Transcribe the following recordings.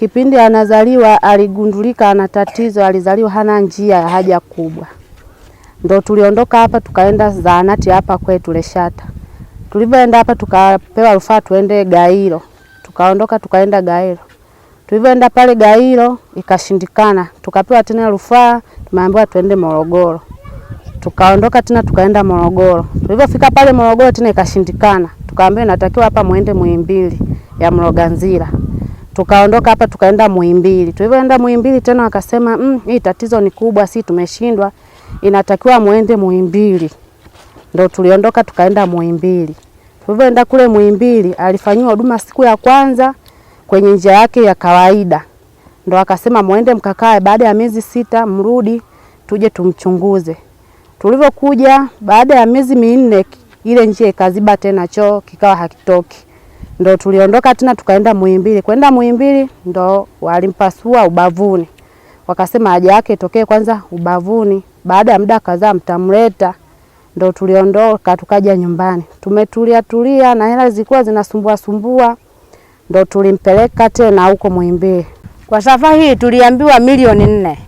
Kipindi anazaliwa aligundulika ana tatizo, alizaliwa hana njia ya haja kubwa, ndo tuliondoka hapa tukaenda zahanati hapa kwetu Leshata. Tulivyoenda hapa tukapewa rufaa tuende Gairo, tukaondoka tukaenda Gairo. Tulivyoenda pale Gairo ikashindikana, tukapewa tena rufaa, tumeambiwa tuende Morogoro, tukaondoka tena tukaenda Morogoro. Tulivyofika pale Morogoro tena ikashindikana, tukaambiwa inatakiwa hapa muende Muhimbili ya Mloganzila tukaondoka hapa tukaenda Muhimbili. Tulivyoenda Muhimbili tena wakasema mm, hii tatizo ni kubwa, si tumeshindwa, inatakiwa muende Muhimbili. Ndio tuliondoka tukaenda Muhimbili. Tulivyoenda kule Muhimbili, alifanyiwa huduma siku ya kwanza kwenye njia yake ya kawaida, ndio akasema muende mkakae, baada ya miezi sita mrudi tuje tumchunguze. Tulivyokuja baada ya miezi minne, ile njia ikaziba tena, choo kikawa hakitoki ndo tuliondoka tena tukaenda Muhimbili. Kwenda Muhimbili ndo walimpasua ubavuni, wakasema haja yake itokee kwanza ubavuni. Baada ya muda kadhaa, mtamleta. Ndo tuliondoka tukaja nyumbani, tumetulia tulia na hela zilikuwa zinasumbua sumbua, ndo tulimpeleka tena huko Muhimbili. Kwa safari hii tuliambiwa milioni nne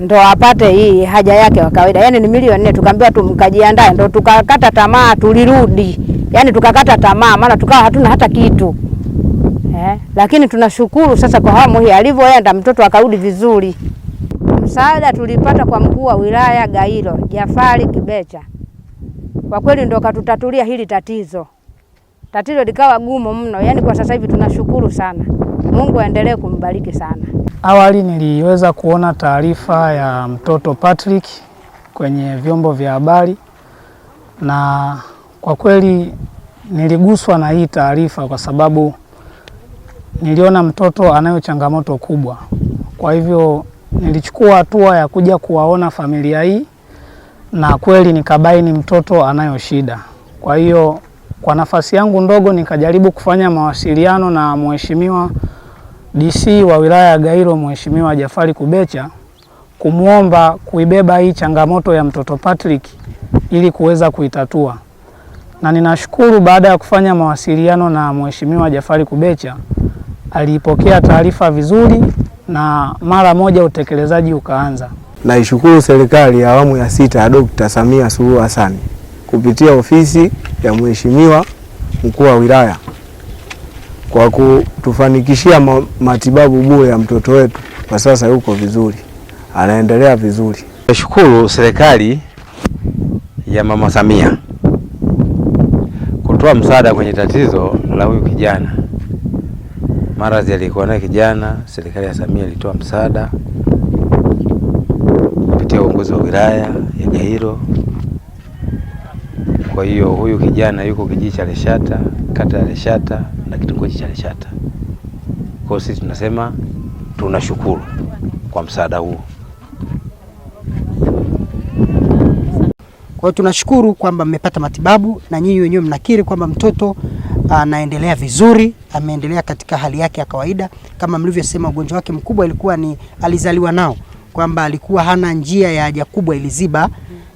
ndo apate hii haja yake wa kawaida, yani ni milioni nne. Tukaambiwa tumkajiandae, ndo tukakata tamaa, tulirudi yani tukakata tamaa, maana tukawa hatuna hata kitu eh. Lakini tunashukuru sasa kwa hamu hii, alivyoenda mtoto akarudi vizuri. Msaada tulipata kwa mkuu wa wilaya Gairo Jafari Kibecha, kwa kweli ndo katutatulia hili tatizo. Tatizo likawa gumu mno, yani kwa sasa hivi tunashukuru sana. Mungu aendelee kumbariki sana. Awali niliweza kuona taarifa ya mtoto Patrick kwenye vyombo vya habari na kwa kweli niliguswa na hii taarifa kwa sababu niliona mtoto anayo changamoto kubwa. Kwa hivyo nilichukua hatua ya kuja kuwaona familia hii na kweli nikabaini mtoto anayo shida. Kwa hiyo kwa nafasi yangu ndogo nikajaribu kufanya mawasiliano na Mheshimiwa DC wa wilaya ya Gairo, Mheshimiwa Jafari Kubecha kumwomba kuibeba hii changamoto ya mtoto Patrick ili kuweza kuitatua na ninashukuru baada ya kufanya mawasiliano na Mheshimiwa Jafari Kubecha aliipokea taarifa vizuri na mara moja utekelezaji ukaanza. Naishukuru serikali ya awamu ya sita ya Dkt. Samia Suluhu Hassan kupitia ofisi ya Mheshimiwa mkuu wa wilaya kwa kutufanikishia matibabu bure ya mtoto wetu, kwa sasa yuko vizuri, anaendelea vizuri. Nashukuru serikali ya Mama Samia kutoa msaada kwenye tatizo la huyu kijana. Maradhi alikuwa naye kijana, serikali ya Samia ilitoa msaada kupitia uongozi wa wilaya ya Gairo. Kwa hiyo huyu kijana yuko kijiji cha Leshata, kata ya Leshata na kitongoji cha Leshata. Kwa hiyo sisi tunasema tunashukuru kwa msaada huo. Kwa hiyo tunashukuru kwamba mmepata matibabu na nyinyi wenyewe mnakiri kwamba mtoto anaendelea vizuri, ameendelea katika hali yake ya kawaida. Kama mlivyosema, ugonjwa wake mkubwa ilikuwa ni alizaliwa nao, kwamba alikuwa hana njia ya haja kubwa iliziba,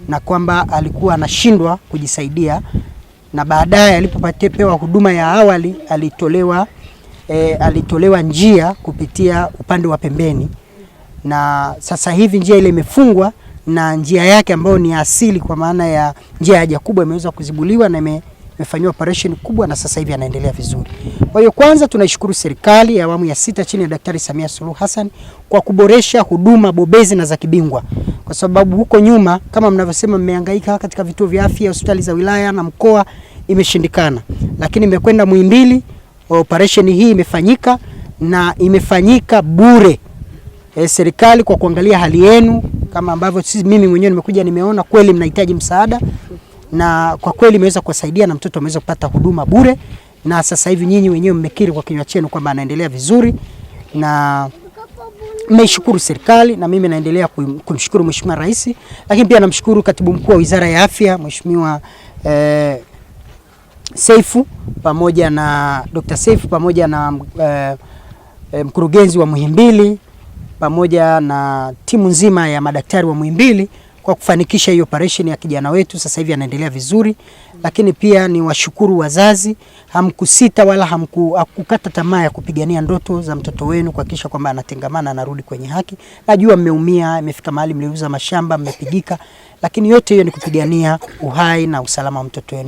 na kwamba alikuwa anashindwa kujisaidia, na baadaye alipopewa huduma ya awali alitolewa E, alitolewa njia kupitia upande wa pembeni na sasa hivi njia ile imefungwa na njia yake ambayo ni asili kwa maana ya njia ya haja kubwa imeweza kuzibuliwa na ime operation kubwa na sasa hivi anaendelea vizuri. Kwa hiyo kwanza tunaishukuru serikali ya awamu ya sita chini ya Daktari Samia Suluhu Hassan kwa kuboresha huduma bobezi na za kibingwa, kwa sababu huko nyuma kama mnavyosema, mmehangaika katika vituo vya afya, hospitali za wilaya na mkoa, imeshindikana. Lakini imekwenda Muhimbili, operation hii imefanyika na imefanyika bure. E, serikali kwa kuangalia hali yenu kama ambavyo sisi, mimi mwenyewe nimekuja nimeona kweli mnahitaji msaada, na kwa kweli imeweza kuwasaidia na mtoto ameweza kupata huduma bure, na sasa hivi nyinyi wenyewe mmekiri kwa kinywa chenu kwamba anaendelea vizuri na mmeishukuru serikali na mimi naendelea kumshukuru Mheshimiwa Rais, lakini pia namshukuru Katibu Mkuu wa Wizara ya Afya Mheshimiwa eh, Seifu pamoja na Dr. Seifu pamoja na eh, eh mkurugenzi wa Muhimbili pamoja na timu nzima ya madaktari wa Muhimbili kwa kufanikisha hii operation ya kijana wetu, sasa hivi anaendelea vizuri. Lakini pia ni washukuru wazazi, hamkusita wala hamkukata tamaa ya kupigania ndoto za mtoto wenu, kuhakikisha kwamba anatengamana, anarudi kwenye haki. Najua mmeumia, imefika mahali mliuza mashamba, mmepigika, lakini yote hiyo ni kupigania uhai na usalama wa mtoto wenu.